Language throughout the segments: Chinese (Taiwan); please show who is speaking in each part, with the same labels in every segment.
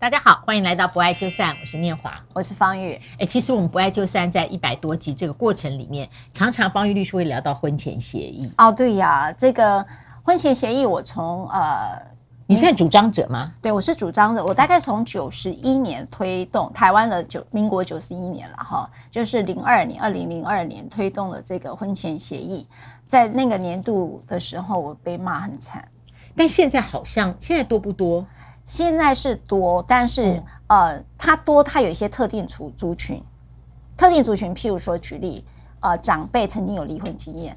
Speaker 1: 大家好，歡迎來到《不愛就散》，我是念華，我是芳玉。欸、其實我們《不愛就散》在一百多集這個過程裡面，常常芳玉律師會聊到婚前協議。
Speaker 2: 哦，對呀，這個婚前協議，我從呃，
Speaker 1: 你現在主張者嗎？
Speaker 2: 對，我是主張的。我大概從九十一年推動台灣的九民國九十一年了哈，就是零二年二零零二年推動了這個婚前協議，在那個年度的時候，我被罵很慘。
Speaker 1: 但現在好像現在多不多？現在是多，
Speaker 2: 但是、嗯、呃，他多他有一些特定族族群，特定族群，譬如說舉例，呃，長輩曾經有離婚經驗。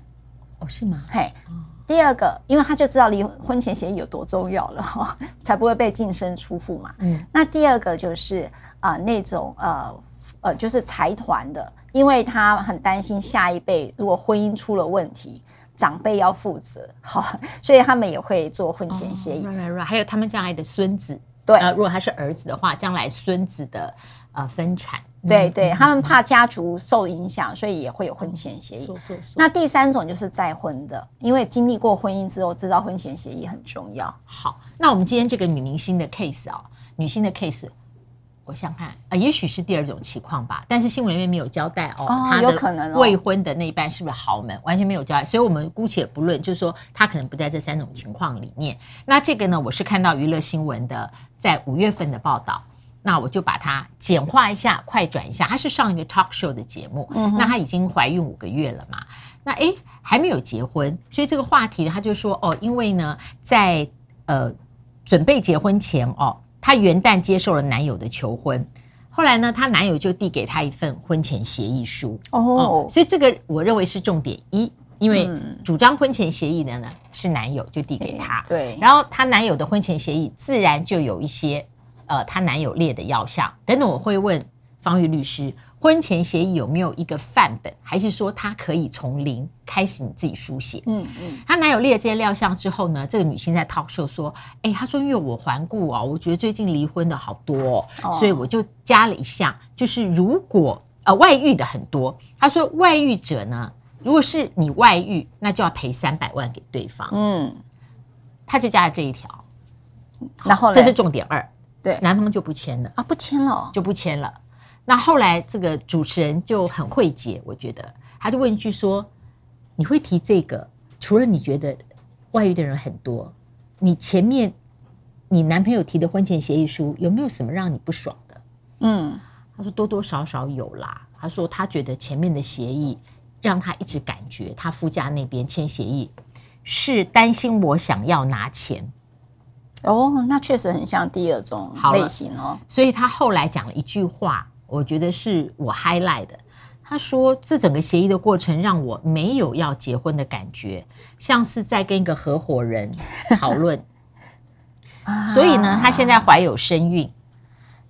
Speaker 2: 哦，
Speaker 1: 是嗎？
Speaker 2: 嘿，哦、第二個，因為他就知道離婚前協議有多重要了，哈、哦，才不會被淨身出戶嘛。嗯，那第二個就是啊、呃，那種呃呃，就是財團的，因為他很擔心下一輩如果婚姻出了問題。長輩要負責，好，
Speaker 1: 所以他們也會做婚前協議。Oh, right, right, right. 還有他們將來的孫子，對、呃，如果他是兒子的話，將來孫子的、呃、分產，對對，他們怕家族受影
Speaker 2: 響，所以也會有婚前協議。Oh, so, so, so. 那第三種就是再婚的，因為經歷過婚姻
Speaker 1: 之後，知道婚前協議很重要。好，那我們今天這個女明星的 case 啊、哦，女星的 case。我想看啊、呃，也許是第二種情況吧，但是新聞裡面沒有交代哦，哦他的未婚的那一半是不是豪門，哦哦、完全沒有交代，所以我們姑且不論，就是說他可能不在這三種情況裡面。嗯、那這個呢，我是看到娛樂新聞的，在五月份的報道，那我就把它簡化一下，快轉一下，他是上一個 talk show 的節目，嗯、哼那他已經懷孕五個月了嘛，那誒、欸，還沒有結婚，所以這個話題呢，他就說哦，因為呢，在呃準備結婚前哦。她元旦接受了男友的求婚，後來呢，她男友就遞給她一份婚前協議書哦、oh. 嗯，所以這個我認為是重點一，因為主張婚前協議的呢是男友，就遞給她，對，對，然後她男友的婚前協議自然就有一些呃她男友列的要項，等等，我會問芳玉律師。婚前協議有沒有一個範本，還是說他可以從零開始你自己書寫？嗯嗯。他、嗯、男友列這些料項之後呢，這個女星在 talk show 說：“哎、欸，她說因為我環顧哦、啊，我覺得最近離婚的好多、哦，哦、所以我就加了一項，就是如果呃外遇的很多，她說外遇者呢，如果是你外遇，那就要賠三百萬給對方。嗯，他就加了這一條。然後呢這是重點二，對，男方就不簽了啊、哦，不簽了、哦，就不簽了。”那後來這個主持人就很會解，我覺得他就問一句說：“你會提這個？除了你覺得外遇的人很多，你前面你男朋友提的婚前協議書有沒有什麼讓你不爽的？”嗯，他說多多少少有啦。他說他覺得前面的協議讓他一直感覺他夫家那邊簽協議是擔心我想要拿錢。哦，那確實很像第二種類型哦。所以他後來講了一句話。我覺得是我 highlight 的。他說，這整個協議的過程讓我沒有要結婚的感覺，像是在跟一個合夥人討論。 所以呢，啊、他現在懷有身孕。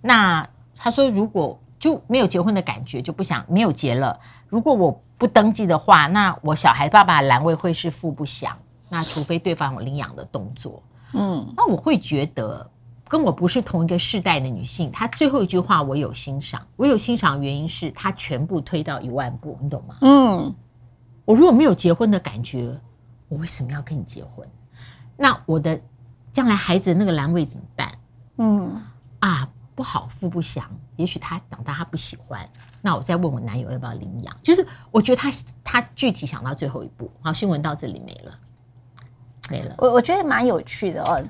Speaker 1: 那他說，如果就沒有結婚的感覺，就不想沒有結了。如果我不登記的話，那我小孩爸爸的欄位會是父不詳。那除非對方有領養的動作，嗯，那我會覺得。跟我不是同一個世代的女性，她最後一句話我有欣賞，我有欣賞的原因是她全部推到一萬步，你懂嗎？嗯，我如果沒有結婚的感覺，我為什麼要跟你結婚？那我的將來孩子的那個欄位怎麼辦？嗯、啊，不好，父不詳，也許他長大他不喜歡，那我再問我男友要不要領養？就是我覺得他他具體想到最後一步，好，新聞到這裡沒了，沒了。
Speaker 2: 我我覺得蠻有趣的哦。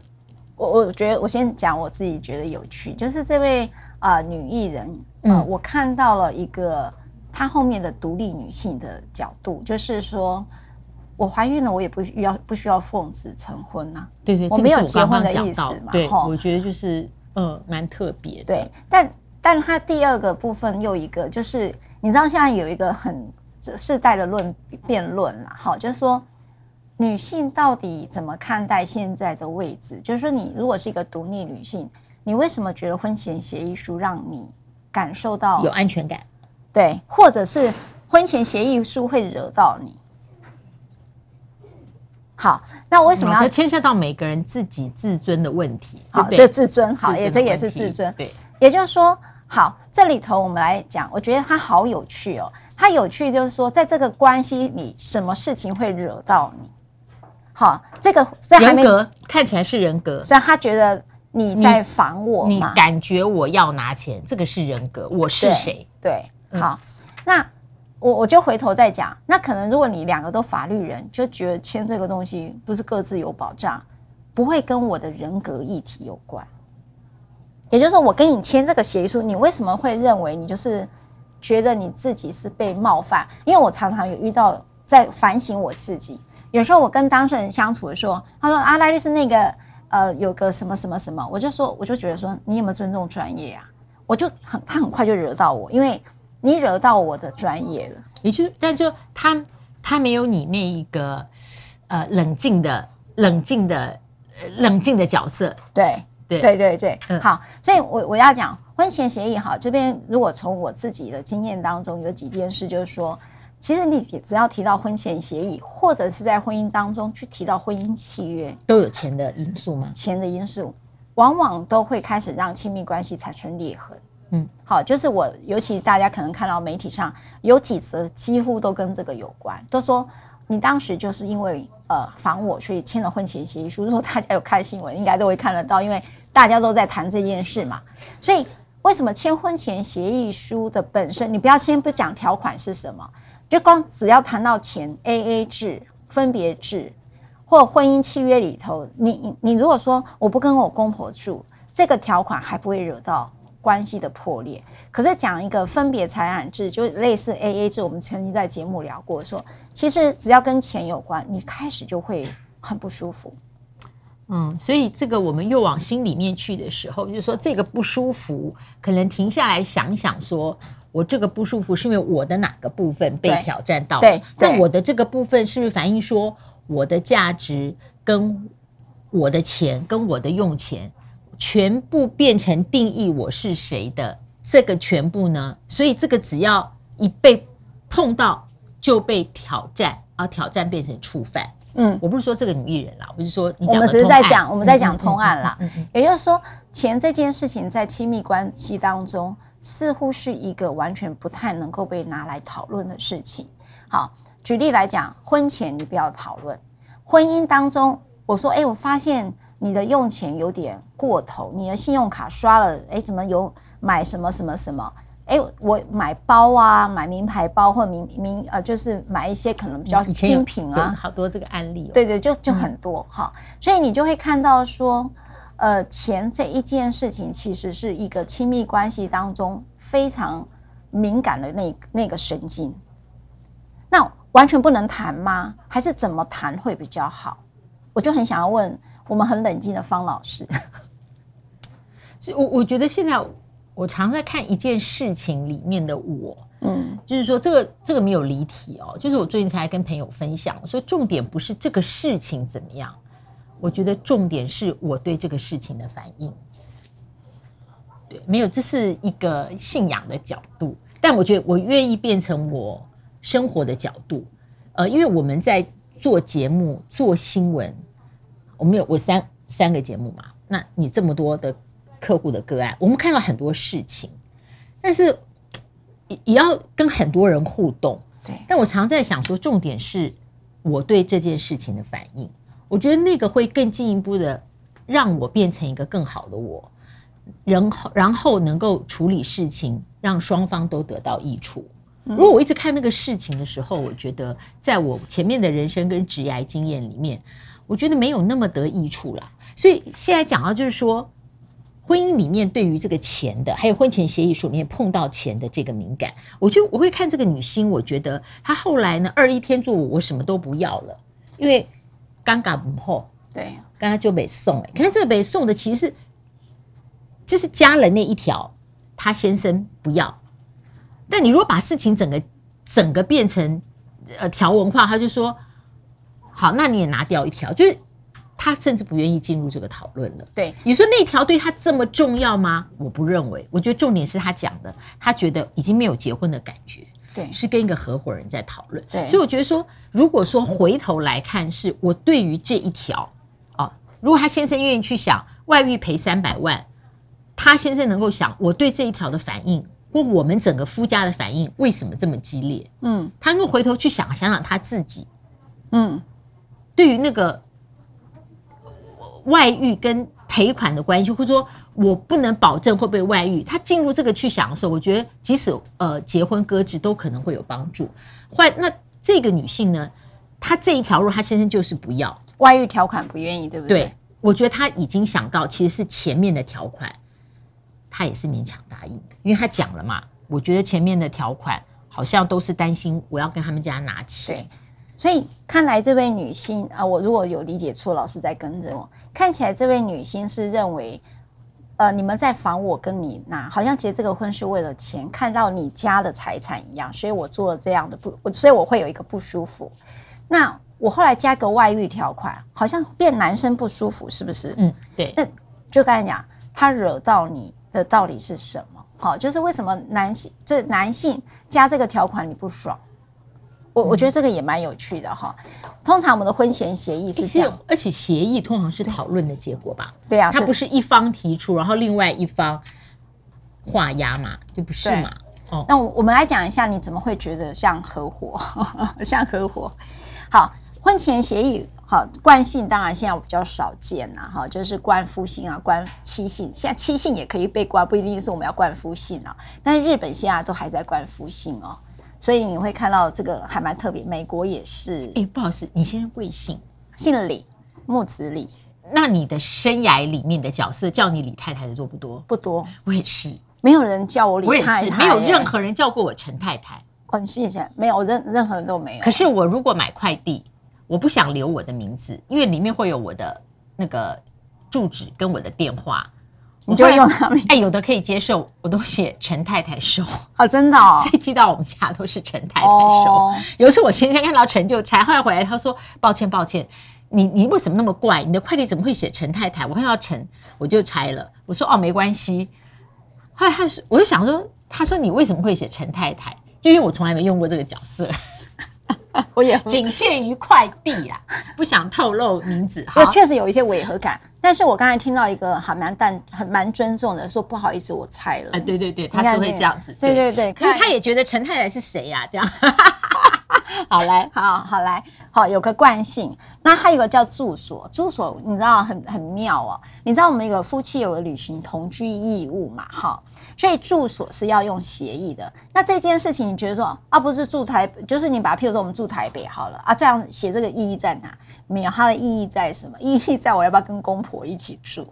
Speaker 2: 我我覺得我先講我自己覺得有趣，就是這位啊、呃、女藝人、呃、嗯，我看到了一個她後面的獨立女性的角度，就是說我懷孕了，我也不需要不需要奉子成婚吶、啊，對，對對，我沒有結婚的意思嘛，剛剛對，我
Speaker 1: 覺得就是嗯蠻、呃、特別的，對，
Speaker 2: 但但她第二個部分又一個就是你知道現在有一個很世代的論辯論啦。好，就是說。女性到底怎麼看待現在的位置？就是說，你如果是一個獨立女性，你為什麼覺得婚前協議書讓你感受到有安全感？對，或者是婚前協議書會惹到你？好，
Speaker 1: 那為什麼要牽涉到每個人自己自尊的問題？好，這自尊，好，也這也是自尊。
Speaker 2: 對，也就是說，好，這裡頭我們來講，我覺得它好有趣哦。它有趣就是說，在這個關係裡，什麼事情會惹到你？好，這個是還沒人
Speaker 1: 格看起來是人格，所以、啊、
Speaker 2: 他覺得你在防我你，你感
Speaker 1: 覺我要拿錢，這個是人格，我是誰？對，嗯、好，
Speaker 2: 那我我就回頭再講。那可能如果你兩個都法律人，就覺得簽這個東西不是各自有保障，不會跟我的人格議題有關。也就是說，我跟你簽這個協議書，你為什麼會認為你就是覺得你自己是被冒犯？因為我常常有遇到，在反省我自己。有時候我跟當事人相處的時候，他說阿賴、啊、律師那個呃有個什麼什麼什麼，我就說我就覺得說你有沒有尊重專業啊？我就很他很快就惹到我，因為你惹到我的專業了。
Speaker 1: 也就但就他他沒有你那一個呃冷靜的冷靜的冷靜的角色。對對對對對，嗯、好，所以，我
Speaker 2: 我要講婚前協議哈，這邊如果從我自己的經驗當中有幾件事，就是說。其實你只要提到婚前協議，或者是在婚姻當中去提到婚姻契約，
Speaker 1: 都有錢的因素嗎？
Speaker 2: 錢的因素往往都會開始讓親密關係產生裂痕。嗯，好，就是我尤其大家可能看到媒體上有幾則，幾乎都跟這個有關，都說你當時就是因為呃防我，所以簽了婚前協議書。如果大家有看新聞，應該都會看得到，因為大家都在談這件事嘛。所以為什麼簽婚前協議書的本身，你不要先不講條款是什麼？就光只要談到錢，AA 制、分別制，或婚姻契約裡頭，你你如果說我不跟我公婆住，這個條款還不會惹到關係的破裂。可是講一個分別財產制，就類似 AA 制，我們曾經在節目聊過，說其實只要跟錢有關，你開始就會很不舒
Speaker 1: 服。嗯，所以這個我們又往心裡面去的時候，就是說這個不舒服，可能停下來想想說。我這個不舒服是因為我的哪個部分被挑戰到了？對對對，但我的這個部分是不是反映說我的價值、跟我的錢、跟我的用錢，全部變成定義我是誰的這個全部呢？所以這個只要一被碰到就被挑戰，而、啊、挑戰變成觸犯。嗯，我不是說這個女藝人啦，我是說你講我們只是在講我們在講通案啦。
Speaker 2: 也就是說，錢這件事情在親密關係當中。似乎是一個完全不太能夠被拿來討論的事情。好，舉例來講，婚前你不要討論；婚姻當中，我說：“誒，我發現你的用錢有點過頭，你的信用卡刷了，誒，怎麼有買什麼什麼什麼？誒？我買包啊，買名牌包或者名名呃，就是買一些可能比較精品啊，好多這個案例、哦。對對，就就很多哈、嗯，所以你就會看到說。”呃，錢這一件事情其實是一個親密關係當中非常敏感的那那個神經，那完全不能談嗎？還是怎麼談會比較好？我就
Speaker 1: 很想要問我們很冷靜的方老師，所以我我覺得現在我常在看一件事情裡面的我，嗯，就是說這個這個沒有離題哦，就是我最近才跟朋友分享，所以重點不是這個事情怎麼樣。我覺得重點是我對這個事情的反應。對，沒有，這是一個信仰的角度，但我覺得我願意變成我生活的角度。呃，因為我們在做節目、做新聞，我們有我三三個節目嘛。那你這麼多的客戶的個案，我們看到很多事情，但是也也要跟很多人互動。對，但我常在想說，重點是我對這件事情的反應。我覺得那個會更進一步的讓我變成一個更好的我，然後然後能夠處理事情，讓雙方都得到益處。如果我一直看那個事情的時候，我覺得在我前面的人生跟職業經驗裡面，我覺得沒有那麼得益處了。所以現在講到就是說，婚姻裡面對於這個錢的，還有婚前協議書裡面碰到錢的這個敏感，我就我會看這個女星，我覺得她後來呢，二一天做我我什麼都不要了，因為。尷尬不破，對，剛剛就被送了，你看這被送的其實是，就是加了那一條，他先生不要。但你如果把事情整個整個變成呃條文化，他就說，好，那你也拿掉一條，就是他甚至不願意進入這個討論了。對，你說那條對他這麼重要嗎？我不認為，我覺得重點是他講的，他覺得已經沒有結婚的感覺。對，對是跟一個合夥人在討論。對所以我覺得說，如果說回頭來看，是我對於這一條，啊，如果他先生願意去想外遇賠三百萬，他先生能夠想我對這一條的反應，或我們整個夫家的反應為什麼這麼激烈？嗯，他能夠回頭去想想想他自己，嗯，對於那個外遇跟賠款的關係，或者說。我不能保證會不會外遇。他進入這個去想的時候，我覺得即使呃結婚擱置，都可能會有幫助。壞，那這個女性呢，她這一條路，她先生就是不要外遇條款，
Speaker 2: 不願意對不對？
Speaker 1: 對，我覺得她已經想到，其實是前面的條款，她也是勉強答應的，因為她講了嘛。我覺得前面的條款好像都是擔心我要跟他們家拿錢。對，
Speaker 2: 所以看來這位女性啊，我如果有理解錯，老師在跟着我。看起來這位女性是認為。呃，你們在防我跟你拿，好像結這個婚是為了錢，看到你家的財產一樣，所以我做了這樣的不，所以我會有一個不舒服。那我後來加個外遇條款，好像變男生不舒服，是不是？嗯，對。那就剛才講，他惹到你的道理是什麼？好、哦，就是為什麼男性這男性加這個條款你不爽？我我覺得這個也蠻有趣的哈、哦。通常我們的婚前協議是這樣而，而且協
Speaker 1: 議通常是討論的結果吧？對啊，是它不是一方提出，然後另外一方畫押嘛？就不是嘛。對哦，那我們來講一下，你怎麼會覺得像合
Speaker 2: 夥呵呵？像合夥？好，婚前協議，好，冠姓當然現在我比較少見吶，哈，就是冠夫姓啊，冠妻姓，像妻姓也可以被冠，不一定是我們要冠夫姓啊。但是日本現在都還在冠夫姓哦。所以你會看到這個還蠻特別，美國也是。
Speaker 1: 哎、欸，不好意思，你先生貴姓？姓李，木子李。那你的生涯裡面的角色叫你李太太的多不多？不多，我也是，
Speaker 2: 沒有人叫我李太太，沒有任何
Speaker 1: 人叫過我陳太太。很、嗯、謝謝，沒有任任何人都沒有。可是我如果買快遞，我不想留我的名字，因為裡面會有我的那個住址跟我的電話。你就會用他們哎，有的可以接受，我都寫陳太太收
Speaker 2: 哦，真的、哦，所以
Speaker 1: 寄到我們家都是陳太太收。哦、有一次我先生看到陳就拆，後來回來，他說：“抱歉，抱歉，你你為什麼那麼怪？你的快遞怎麼會寫陳太太？我看到陳我就拆了。”我說：“哦，沒關係。”後來他說：“我就想說，他說你為什麼會寫陳太太？就因為我從來沒用過這個角色。” 我也僅很限於快遞啦、啊，不想透露名字。哈
Speaker 2: 確實有一些違和感， 但是我剛才聽到一個好，蠻但很蠻尊重的，說不好意思，我猜
Speaker 1: 了、呃。對對對，他是會這樣子，對對看對，對對因為他也覺得陳太太是誰呀、啊？這樣。 好，來，
Speaker 2: 好，好來，好好來，好有個慣性。那還有個叫住所，住所你知道很很妙哦。你知道我們一個夫妻有個履行同居義務嘛？哈，所以住所是要用協議的。那這件事情，你覺得說啊，不是住台，就是你把，譬如說我們住台北好了啊，這樣寫這個意義在哪？沒有，它的意義在什麼？意義在我要不要跟公婆一起住？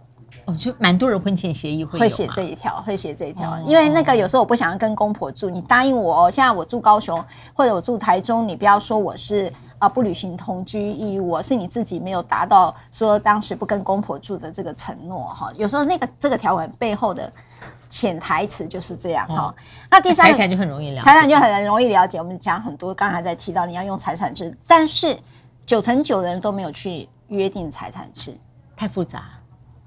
Speaker 2: 哦、就蠻多人婚前協議會、啊、會寫這一條，會寫這一條，哦、因為那個有時候我不想要跟公婆住，哦、你答應我哦，現在我住高雄或者我住台中，你不要說我是啊不履行同居義務，我是你自己沒有達到說當時不跟公婆住的這個承諾哈。有時候那個這個條文背後的潛台詞就是這樣哈。哦、
Speaker 1: 那第三，財產就很容易了解，財產
Speaker 2: 就很容易了解。我們講很多，剛才在提到你要用財產制，但是九成九的人都沒有去約定財產
Speaker 1: 制，太複雜。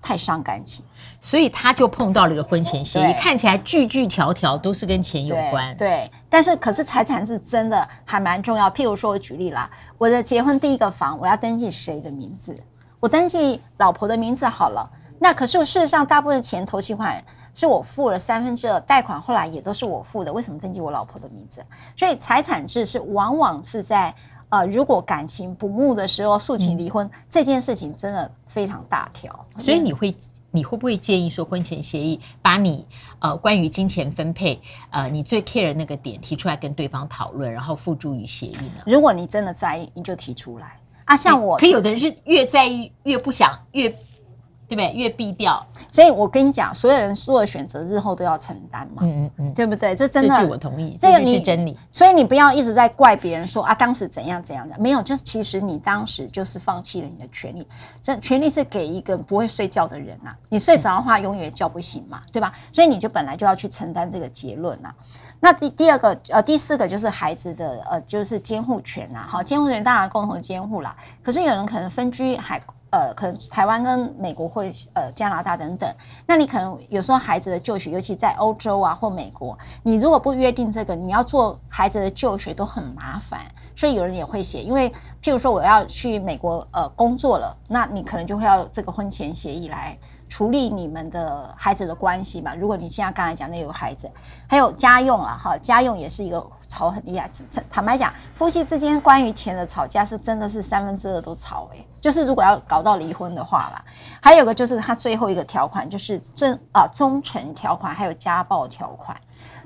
Speaker 1: 太傷感情，所以他就碰到了一個婚前協議，對看起來句句條條都是跟錢有關對。
Speaker 2: 對，但是可是財產制真的還蠻重要。譬如說，我舉例啦，我的結婚第一個房，我要登記誰的名字？我登記老婆的名字好了。那可是我事實上大部分的錢頭期款是我付了三分之二，貸款後來也都是我付的。為什麼登記我老婆的名字？所以財產制是往往是在。啊、呃，如果感情不睦的時候訴請離婚，嗯、這件事情真的非常大條。所以你
Speaker 1: 會，嗯、你會不會建議說，婚前協議把你呃關於金錢分配呃你最 care 的那個點提出來跟對方討論，然後付諸於協議呢？如果你真的在意，你就提出來
Speaker 2: 啊。像我，欸、可有
Speaker 1: 的人是越在意
Speaker 2: 越不想越。對不對？越避掉，所以我跟你講，所有人所有選擇日後都要承擔嘛，嗯嗯對不對？這真的，是我
Speaker 1: 同意，這個你這是真
Speaker 2: 理。所以你不要一直在怪別人說啊，當時怎樣怎樣的，沒有，就是其實你當時就是放棄了你的權利，這權利是給一個不會睡覺的人啊，你睡着的話永遠叫不醒嘛，嗯、對吧？所以你就本來就要去承擔這個結論了，啊。那第第二個呃，第四個就是孩子的呃，就是監護權啊，好，監護人當然共同監護啦。可是有人可能分居還。呃，可能台灣跟美國或，呃，加拿大等等。那你可能有時候孩子的就學，尤其在歐洲啊或美國，你如果不約定這個，你要做孩子的就學都很麻煩。所以有人也會寫，因為譬如說我要去美國呃工作了，那你可能就會要這個婚前協議來處理你們的孩子的關係嘛。如果你現在剛才講的有孩子，還有家用啊哈，家用也是一個。吵很厲害，坦白講，夫妻之間關於錢的吵架是真的是三分之二都吵哎、欸，就是如果要搞到離婚的話啦。還有一個就是他最後一個條款就是真啊、呃、忠誠條款，還有家暴條款。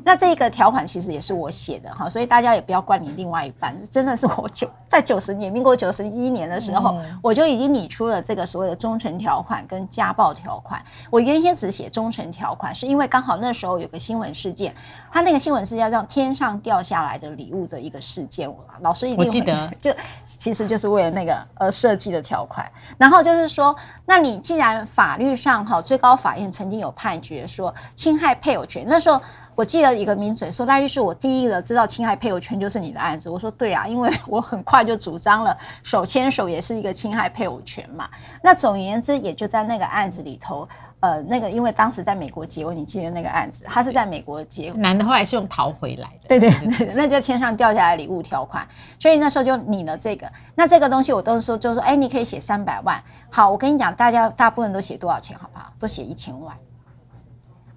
Speaker 2: 那這個條款其實也是我寫的哈，所以大家也不要怪你另外一半，真的是我就在九十年、民國九十一年的時候，嗯、我就已經擬出了這個所謂的忠誠條款跟家暴條款。我原先只寫忠誠條款，是因為剛好那時候有個新聞事件，他那個新聞是要「讓天上掉下來的禮物」的一個事件。老師一定記得，就其實就是為了那個呃設計的條款。然後就是說，那你既然法律上哈，最高法院曾經有判決說侵害配偶權，那時候。我記得一個名嘴說：“賴律師，我第一個知道侵害配偶權就是你的案子。”我說：“對啊，因為我很快就主張了，手牽手也是一個侵害配偶權嘛。那總而言之，也就在那個案子裡頭，呃，那個因為當時在美國結婚，你記得那個案子，他是在美國結婚，男的
Speaker 1: 後來是用逃回來的，
Speaker 2: 對對，對，對 那就天上掉下來禮物條款。所以那時候就擬了這個，那這個東西我都說，就是說，哎、欸，你可以寫三百萬。好，我跟你講，大家大部分都寫多少錢，好不好？都寫一千萬。”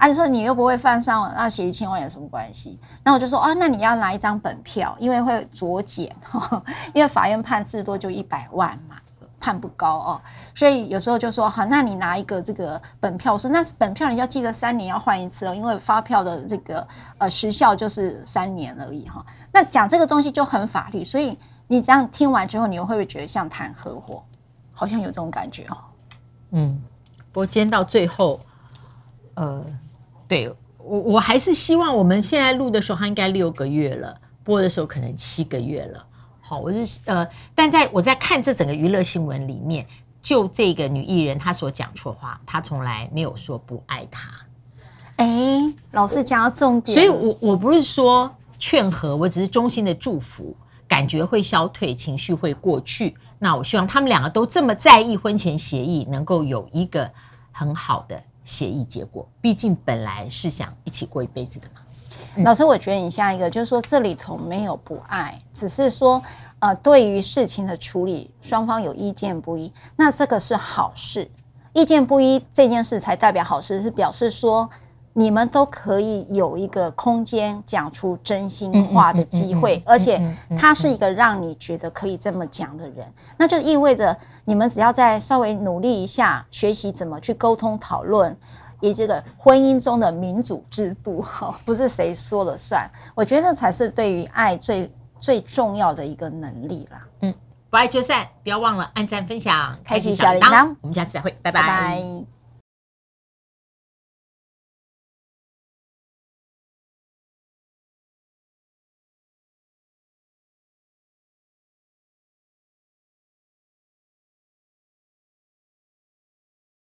Speaker 2: 按說、啊、你又不會犯上，那寫一千萬有什麼關係？那我就說哦，那你要拿一張本票，因為會酌減哈，因為法院判最多就一百萬嘛，判不高哦，所以有時候就說好、哦，那你拿一個這個本票。我說那本票你要記得三年要換一次哦，因為發票的這個呃時效就是三年而已哈、哦。那講這個東西就很法律，所以你這樣聽完之後，你又會不會覺得像談合夥？好像有這種感覺
Speaker 1: 哦。嗯，不過今天到最後，呃。對我，我還是希望我們現在錄的時候，他應該六個月了；播的時候可能七個月了。好，我就是呃，但在我在看這整個娛樂新聞裡面，就這個女藝人她所講錯話，她從來沒有說不愛他。哎，老師講到重點，所以我我不是說勸和，我只是衷心的祝福，感覺會消退，情緒會過去。那我希望他們兩個都這麼在意婚前協議，能夠有一個很好的。協議結果，畢竟本來是想一起過一輩子的嘛，
Speaker 2: 嗯。老師，我覺得你下一個就是說，這裡頭沒有不愛，只是說，呃，對於事情的處理，雙方有意見不一，那這個是好事。意見不一這件事才代表好事，是表示說。你們都可以有一個空間講出真心話的機會，而且他是一個讓你覺得可以這麼講的人，那就意味着你們只要再稍微努力一下，學習怎麼去溝通討論，以及這個婚姻中的民主制度，不是誰說了算，我覺得才是對於愛最最重要的一個能力啦，嗯，
Speaker 1: 不愛就散，不要忘了按讚、分享、開啟小鈴鐺。我們下次再會，拜拜。